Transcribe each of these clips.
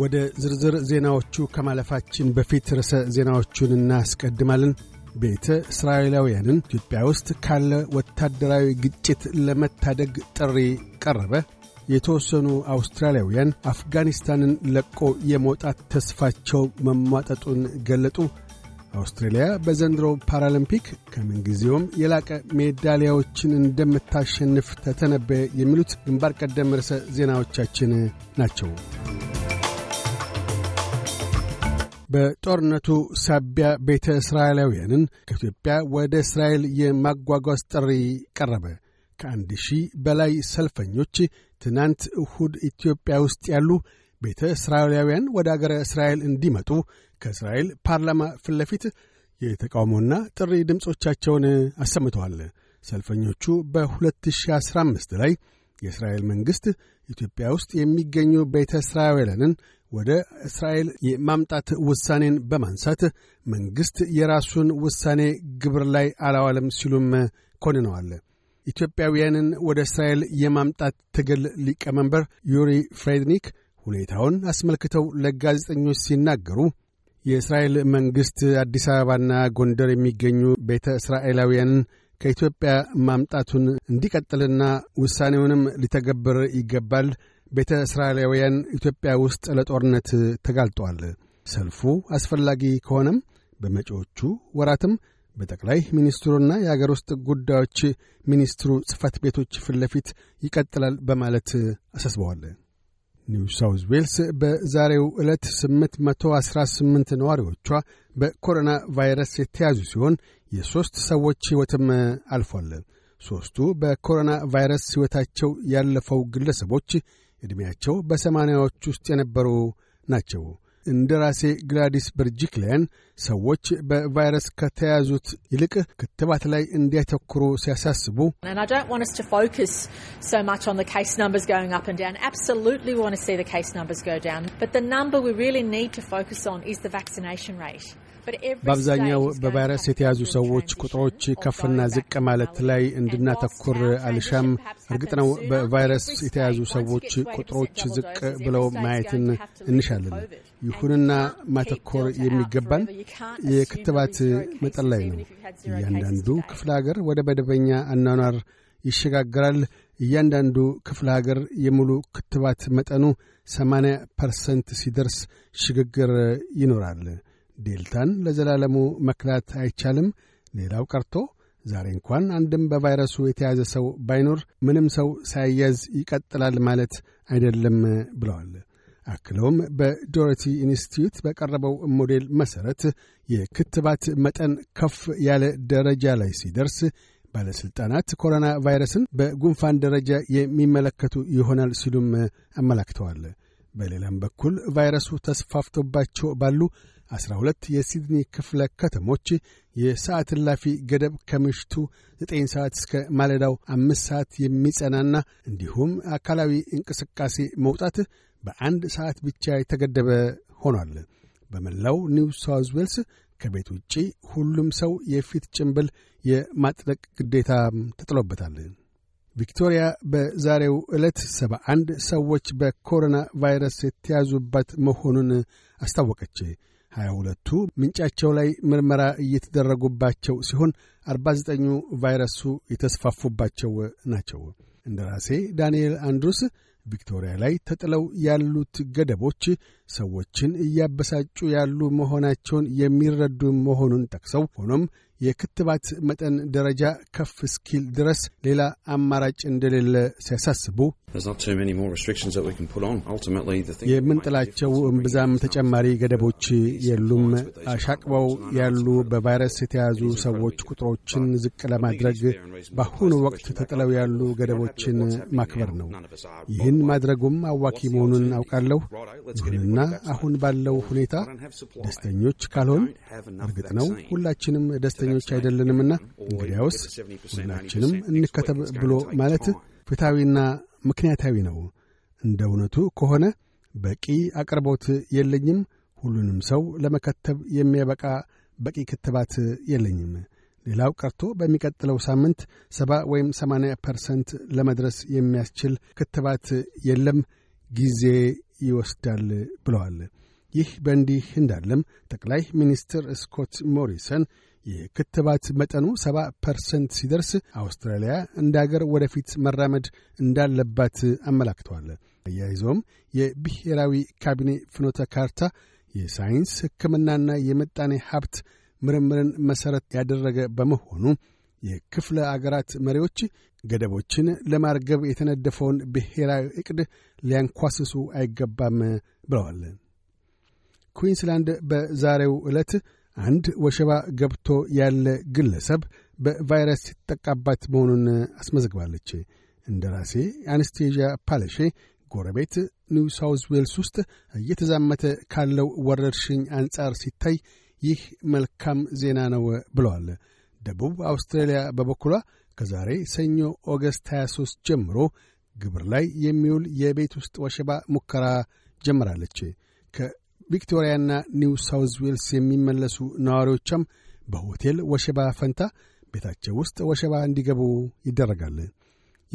ወደ ዝርዝር ዜናዎቹ ከማለፋችን በፊት ርዕሰ ዜናዎቹን እናስቀድማለን። ቤተ እስራኤላውያንን ኢትዮጵያ ውስጥ ካለ ወታደራዊ ግጭት ለመታደግ ጥሪ ቀረበ። የተወሰኑ አውስትራሊያውያን አፍጋኒስታንን ለቆ የመውጣት ተስፋቸው መሟጠጡን ገለጡ። አውስትሬልያ በዘንድሮ ፓራሊምፒክ ከምንጊዜውም የላቀ ሜዳሊያዎችን እንደምታሸንፍ ተተነበየ። የሚሉት ግንባር ቀደም ርዕሰ ዜናዎቻችን ናቸው። በጦርነቱ ሳቢያ ቤተ እስራኤላውያንን ከኢትዮጵያ ወደ እስራኤል የማጓጓዝ ጥሪ ቀረበ። ከአንድ ሺህ በላይ ሰልፈኞች ትናንት እሁድ ኢትዮጵያ ውስጥ ያሉ ቤተ እስራኤላውያን ወደ አገረ እስራኤል እንዲመጡ ከእስራኤል ፓርላማ ፊት ለፊት የተቃውሞና ጥሪ ድምፆቻቸውን አሰምተዋል። ሰልፈኞቹ በ2015 ላይ የእስራኤል መንግሥት ኢትዮጵያ ውስጥ የሚገኙ ቤተ እስራኤላውያንን ወደ እስራኤል የማምጣት ውሳኔን በማንሳት መንግሥት የራሱን ውሳኔ ግብር ላይ አላዋለም ሲሉም ኮንነዋል። ኢትዮጵያውያንን ወደ እስራኤል የማምጣት ትግል ሊቀመንበር ዩሪ ፍሬድኒክ ሁኔታውን አስመልክተው ለጋዜጠኞች ሲናገሩ የእስራኤል መንግሥት አዲስ አበባና ጎንደር የሚገኙ ቤተ እስራኤላውያንን ከኢትዮጵያ ማምጣቱን እንዲቀጥልና ውሳኔውንም ሊተገብር ይገባል ቤተ እስራኤላውያን ኢትዮጵያ ውስጥ ለጦርነት ተጋልጠዋል። ሰልፉ አስፈላጊ ከሆነም በመጪዎቹ ወራትም በጠቅላይ ሚኒስትሩና የአገር ውስጥ ጉዳዮች ሚኒስትሩ ጽህፈት ቤቶች ፊት ለፊት ይቀጥላል በማለት አሳስበዋል። ኒው ሳውዝ ዌልስ በዛሬው ዕለት 818 ነዋሪዎቿ በኮሮና ቫይረስ የተያዙ ሲሆን የሦስት ሰዎች ሕይወትም አልፏል። ሦስቱ በኮሮና ቫይረስ ሕይወታቸው ያለፈው ግለሰቦች ዕድሜያቸው በሰማንያዎች ውስጥ የነበሩ ናቸው። እንደራሴ ግላዲስ በርጂክሊያን ሰዎች በቫይረስ ከተያዙት ይልቅ ክትባት ላይ እንዲያተኩሩ ሲያሳስቡ በአብዛኛው በቫይረስ የተያዙ ሰዎች ቁጥሮች ከፍና ዝቅ ማለት ላይ እንድናተኩር አልሻም። እርግጥ ነው በቫይረስ የተያዙ ሰዎች ቁጥሮች ዝቅ ብለው ማየትን እንሻለን። ይሁንና ማተኮር የሚገባን የክትባት መጠን ላይ ነው። እያንዳንዱ ክፍለ ሀገር ወደ መደበኛ አኗኗር ይሸጋግራል። እያንዳንዱ ክፍለ ሀገር የሙሉ ክትባት መጠኑ 80 ፐርሰንት ሲደርስ ሽግግር ይኖራል። ዴልታን ለዘላለሙ መክላት አይቻልም። ሌላው ቀርቶ ዛሬ እንኳን አንድም በቫይረሱ የተያዘ ሰው ባይኖር ምንም ሰው ሳይያዝ ይቀጥላል ማለት አይደለም ብለዋል። አክለውም በዶሮቲ ኢንስቲትዩት በቀረበው ሞዴል መሠረት የክትባት መጠን ከፍ ያለ ደረጃ ላይ ሲደርስ ባለሥልጣናት ኮሮና ቫይረስን በጉንፋን ደረጃ የሚመለከቱ ይሆናል ሲሉም አመላክተዋል። በሌላም በኩል ቫይረሱ ተስፋፍቶባቸው ባሉ ዐሥራ ሁለት የሲድኒ ክፍለ ከተሞች የሰዓት እላፊ ገደብ ከምሽቱ ዘጠኝ ሰዓት እስከ ማለዳው አምስት ሰዓት የሚጸናና እንዲሁም አካላዊ እንቅስቃሴ መውጣት በአንድ ሰዓት ብቻ የተገደበ ሆኗል። በመላው ኒው ሳውዝ ዌልስ ከቤት ውጪ ሁሉም ሰው የፊት ጭንብል የማጥለቅ ግዴታ ተጥሎበታል። ቪክቶሪያ በዛሬው ዕለት ሰባ አንድ ሰዎች በኮሮና ቫይረስ የተያዙባት መሆኑን አስታወቀች። ሀያ ሁለቱ ምንጫቸው ላይ ምርመራ እየተደረጉባቸው ሲሆን አርባ ዘጠኙ ቫይረሱ የተስፋፉባቸው ናቸው። እንደራሴ ዳንኤል አንድሩስ ቪክቶሪያ ላይ ተጥለው ያሉት ገደቦች ሰዎችን እያበሳጩ ያሉ መሆናቸውን የሚረዱ መሆኑን ጠቅሰው ሆኖም የክትባት መጠን ደረጃ ከፍ እስኪል ድረስ ሌላ አማራጭ እንደሌለ ሲያሳስቡ የምንጥላቸው እምብዛም ተጨማሪ ገደቦች የሉም። አሻቅበው ያሉ በቫይረስ የተያዙ ሰዎች ቁጥሮችን ዝቅ ለማድረግ በአሁኑ ወቅት ተጥለው ያሉ ገደቦችን ማክበር ነው። ይህን ማድረጉም አዋኪ መሆኑን አውቃለሁ። ይሁንና አሁን ባለው ሁኔታ ደስተኞች ካልሆን፣ እርግጥ ነው ሁላችንም ደስተኛ ፈቃደኞች አይደለንምና እንግዲያውስ ሁላችንም እንከተብ ብሎ ማለት ፍትሐዊና ምክንያታዊ ነው። እንደ እውነቱ ከሆነ በቂ አቅርቦት የለኝም። ሁሉንም ሰው ለመከተብ የሚያበቃ በቂ ክትባት የለኝም። ሌላው ቀርቶ በሚቀጥለው ሳምንት ሰባ ወይም ሰማንያ ፐርሰንት ለመድረስ የሚያስችል ክትባት የለም፣ ጊዜ ይወስዳል ብለዋል። ይህ በእንዲህ እንዳለም ጠቅላይ ሚኒስትር ስኮት ሞሪሰን የክትባት መጠኑ 70 ፐርሰንት ሲደርስ አውስትራሊያ እንደ አገር ወደፊት መራመድ እንዳለባት አመላክተዋል። አያይዞም የብሔራዊ ካቢኔ ፍኖተ ካርታ የሳይንስ ሕክምናና የምጣኔ ሀብት ምርምርን መሠረት ያደረገ በመሆኑ የክፍለ አገራት መሪዎች ገደቦችን ለማርገብ የተነደፈውን ብሔራዊ ዕቅድ ሊያንኳስሱ አይገባም ብለዋል። ኩዊንስላንድ በዛሬው ዕለት አንድ ወሸባ ገብቶ ያለ ግለሰብ በቫይረስ ሲጠቃባት መሆኑን አስመዝግባለች። ራሴ አነስቴዥያ ፓለሼ ጎረቤት ኒው ሳውዝ ዌልስ ውስጥ እየተዛመተ ካለው ወረርሽኝ አንጻር ሲታይ ይህ መልካም ዜና ነው ብለዋል። ደቡብ አውስትራሊያ በበኩሏ ከዛሬ ሰኞ ኦገስት 23 ጀምሮ ግብር ላይ የሚውል የቤት ውስጥ ወሸባ ሙከራ ጀምራለች። ቪክቶሪያና ኒው ሳውዝ ዌልስ የሚመለሱ ነዋሪዎቿም በሆቴል ወሸባ ፈንታ ቤታቸው ውስጥ ወሸባ እንዲገቡ ይደረጋል።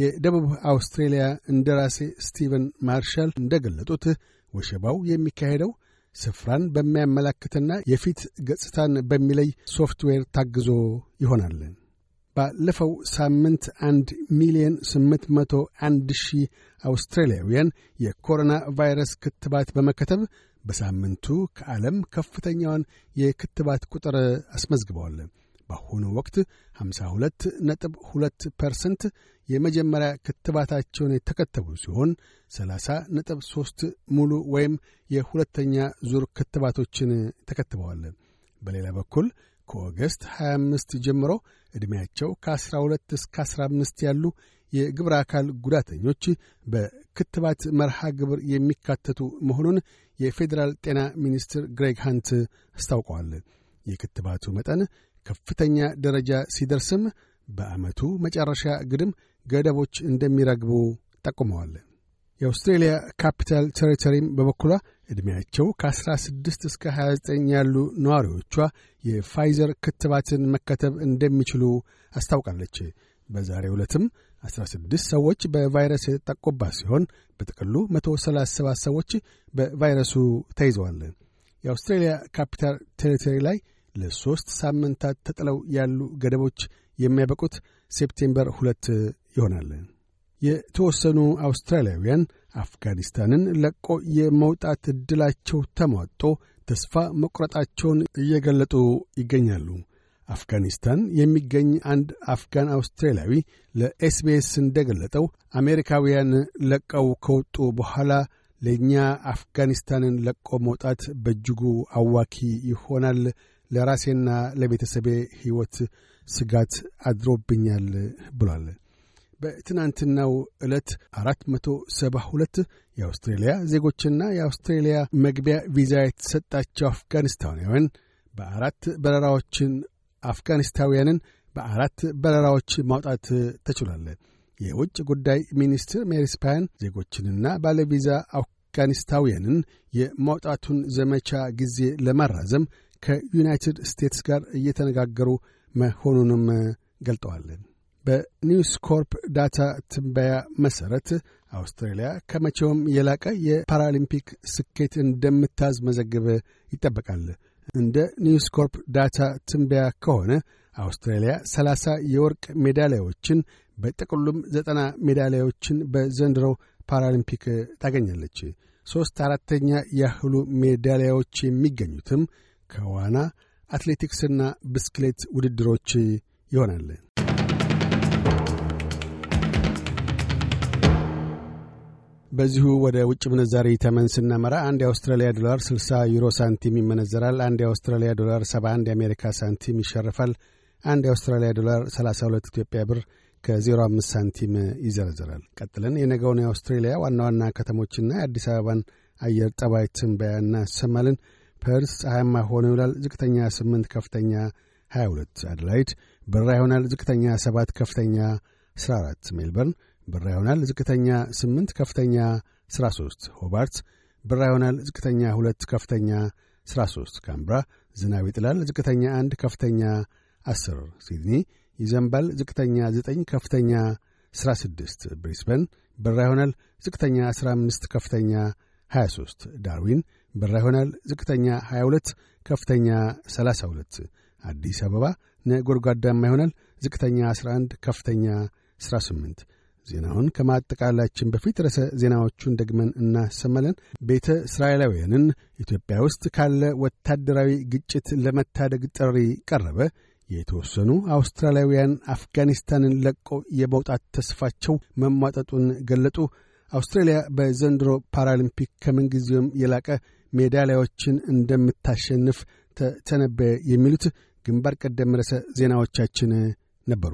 የደቡብ አውስትሬልያ እንደራሴ ስቲቨን ማርሻል እንደገለጡት ወሸባው የሚካሄደው ስፍራን በሚያመላክትና የፊት ገጽታን በሚለይ ሶፍትዌር ታግዞ ይሆናል። ባለፈው ሳምንት አንድ ሚሊዮን ስምንት መቶ አንድ ሺህ አውስትራሊያውያን የኮሮና ቫይረስ ክትባት በመከተብ በሳምንቱ ከዓለም ከፍተኛውን የክትባት ቁጥር አስመዝግበዋል። በአሁኑ ወቅት 52 ነጥብ 2 ፐርሰንት የመጀመሪያ ክትባታቸውን የተከተቡ ሲሆን 30 ነጥብ 3 ሙሉ ወይም የሁለተኛ ዙር ክትባቶችን ተከትበዋል። በሌላ በኩል ከኦገስት 25 ጀምሮ ዕድሜያቸው ከ12 እስከ 15 ያሉ የግብረ አካል ጉዳተኞች በ ክትባት መርሃ ግብር የሚካተቱ መሆኑን የፌዴራል ጤና ሚኒስትር ግሬግ ሃንት አስታውቀዋል። የክትባቱ መጠን ከፍተኛ ደረጃ ሲደርስም በዓመቱ መጨረሻ ግድም ገደቦች እንደሚረግቡ ጠቁመዋል። የአውስትሬልያ ካፒታል ቴሪቶሪም በበኩሏ ዕድሜያቸው ከ16 እስከ 29 ያሉ ነዋሪዎቿ የፋይዘር ክትባትን መከተብ እንደሚችሉ አስታውቃለች። በዛሬ ዕለትም 16 ሰዎች በቫይረስ የተጠቁባት ሲሆን በጥቅሉ 137 ሰዎች በቫይረሱ ተይዘዋል። የአውስትሬልያ ካፒታል ቴሪቶሪ ላይ ለሦስት ሳምንታት ተጥለው ያሉ ገደቦች የሚያበቁት ሴፕቴምበር ሁለት ይሆናል። የተወሰኑ አውስትራሊያውያን አፍጋኒስታንን ለቆ የመውጣት ዕድላቸው ተሟጦ ተስፋ መቁረጣቸውን እየገለጡ ይገኛሉ። አፍጋኒስታን የሚገኝ አንድ አፍጋን አውስትራሊያዊ ለኤስቢኤስ እንደገለጠው አሜሪካውያን ለቀው ከወጡ በኋላ ለእኛ አፍጋኒስታንን ለቆ መውጣት በእጅጉ አዋኪ ይሆናል፣ ለራሴና ለቤተሰቤ ሕይወት ስጋት አድሮብኛል ብሏል። በትናንትናው ዕለት ሁለት የአውስትሬልያ ዜጎችና የአውስትሬልያ መግቢያ ቪዛ የተሰጣቸው አፍጋኒስታናውያን በአራት በረራዎችን አፍጋኒስታውያንን በአራት በረራዎች ማውጣት ተችሏል። የውጭ ጉዳይ ሚኒስትር ሜሪስ ፓያን ዜጎችንና ባለቪዛ አፍጋኒስታውያንን የማውጣቱን ዘመቻ ጊዜ ለማራዘም ከዩናይትድ ስቴትስ ጋር እየተነጋገሩ መሆኑንም ገልጠዋል። በኒውስ ኮርፕ ዳታ ትንበያ መሠረት አውስትራሊያ ከመቼውም የላቀ የፓራሊምፒክ ስኬት እንደምታዝ መዘግብ ይጠበቃል። እንደ ኒውስ ኮርፕ ዳታ ትንበያ ከሆነ አውስትራሊያ 30 የወርቅ ሜዳሊያዎችን በጥቅሉም ዘጠና ሜዳሊያዎችን በዘንድሮው ፓራሊምፒክ ታገኛለች። ሦስት አራተኛ ያህሉ ሜዳሊያዎች የሚገኙትም ከዋና አትሌቲክስና ብስክሌት ውድድሮች ይሆናል። በዚሁ ወደ ውጭ ምንዛሪ ተመን ስናመራ አንድ የአውስትራሊያ ዶላር 60 ዩሮ ሳንቲም ይመነዘራል። አንድ የአውስትራሊያ ዶላር 71 የአሜሪካ ሳንቲም ይሸርፋል። አንድ የአውስትራሊያ ዶላር 32 ኢትዮጵያ ብር ከ05 ሳንቲም ይዘረዝራል። ቀጥለን የነገውን የአውስትሬሊያ ዋና ዋና ከተሞችና የአዲስ አበባን አየር ጠባይ ትንበያ እናሰማልን። ፐርስ ፀሐያማ ሆኖ ይውላል። ዝቅተኛ 8፣ ከፍተኛ 22። አደላይድ ብራ ይሆናል። ዝቅተኛ 7፣ ከፍተኛ 14። ሜልበርን ብራ ይሆናል። ዝቅተኛ 8 ከፍተኛ 3 ሆባርት ብራ ይሆናል። ዝቅተኛ 2 ከፍተኛ 3 ካምብራ ዝናብ ይጥላል። ዝቅተኛ 1 ከፍተኛ 10 ሲድኒ ይዘንባል። ዝቅተኛ 9 ከፍተኛ 6 ብሪስበን ብራ ይሆናል። ዝቅተኛ 15 ከፍተኛ 23 ዳርዊን ብራ ይሆናል። ዝቅተኛ 22 ከፍተኛ 32 አዲስ አበባ ነጎድጓዳማ ይሆናል። ዝቅተኛ 11 ከፍተኛ 18 ዜናውን ከማጠቃላችን በፊት ርዕሰ ዜናዎቹን ደግመን እናሰማለን። ቤተ እስራኤላውያንን ኢትዮጵያ ውስጥ ካለ ወታደራዊ ግጭት ለመታደግ ጥሪ ቀረበ። የተወሰኑ አውስትራሊያውያን አፍጋኒስታንን ለቀው የመውጣት ተስፋቸው መሟጠጡን ገለጡ። አውስትራሊያ በዘንድሮ ፓራሊምፒክ ከምንጊዜውም የላቀ ሜዳሊያዎችን እንደምታሸንፍ ተተነበየ። የሚሉት ግንባር ቀደም ርዕሰ ዜናዎቻችን ነበሩ።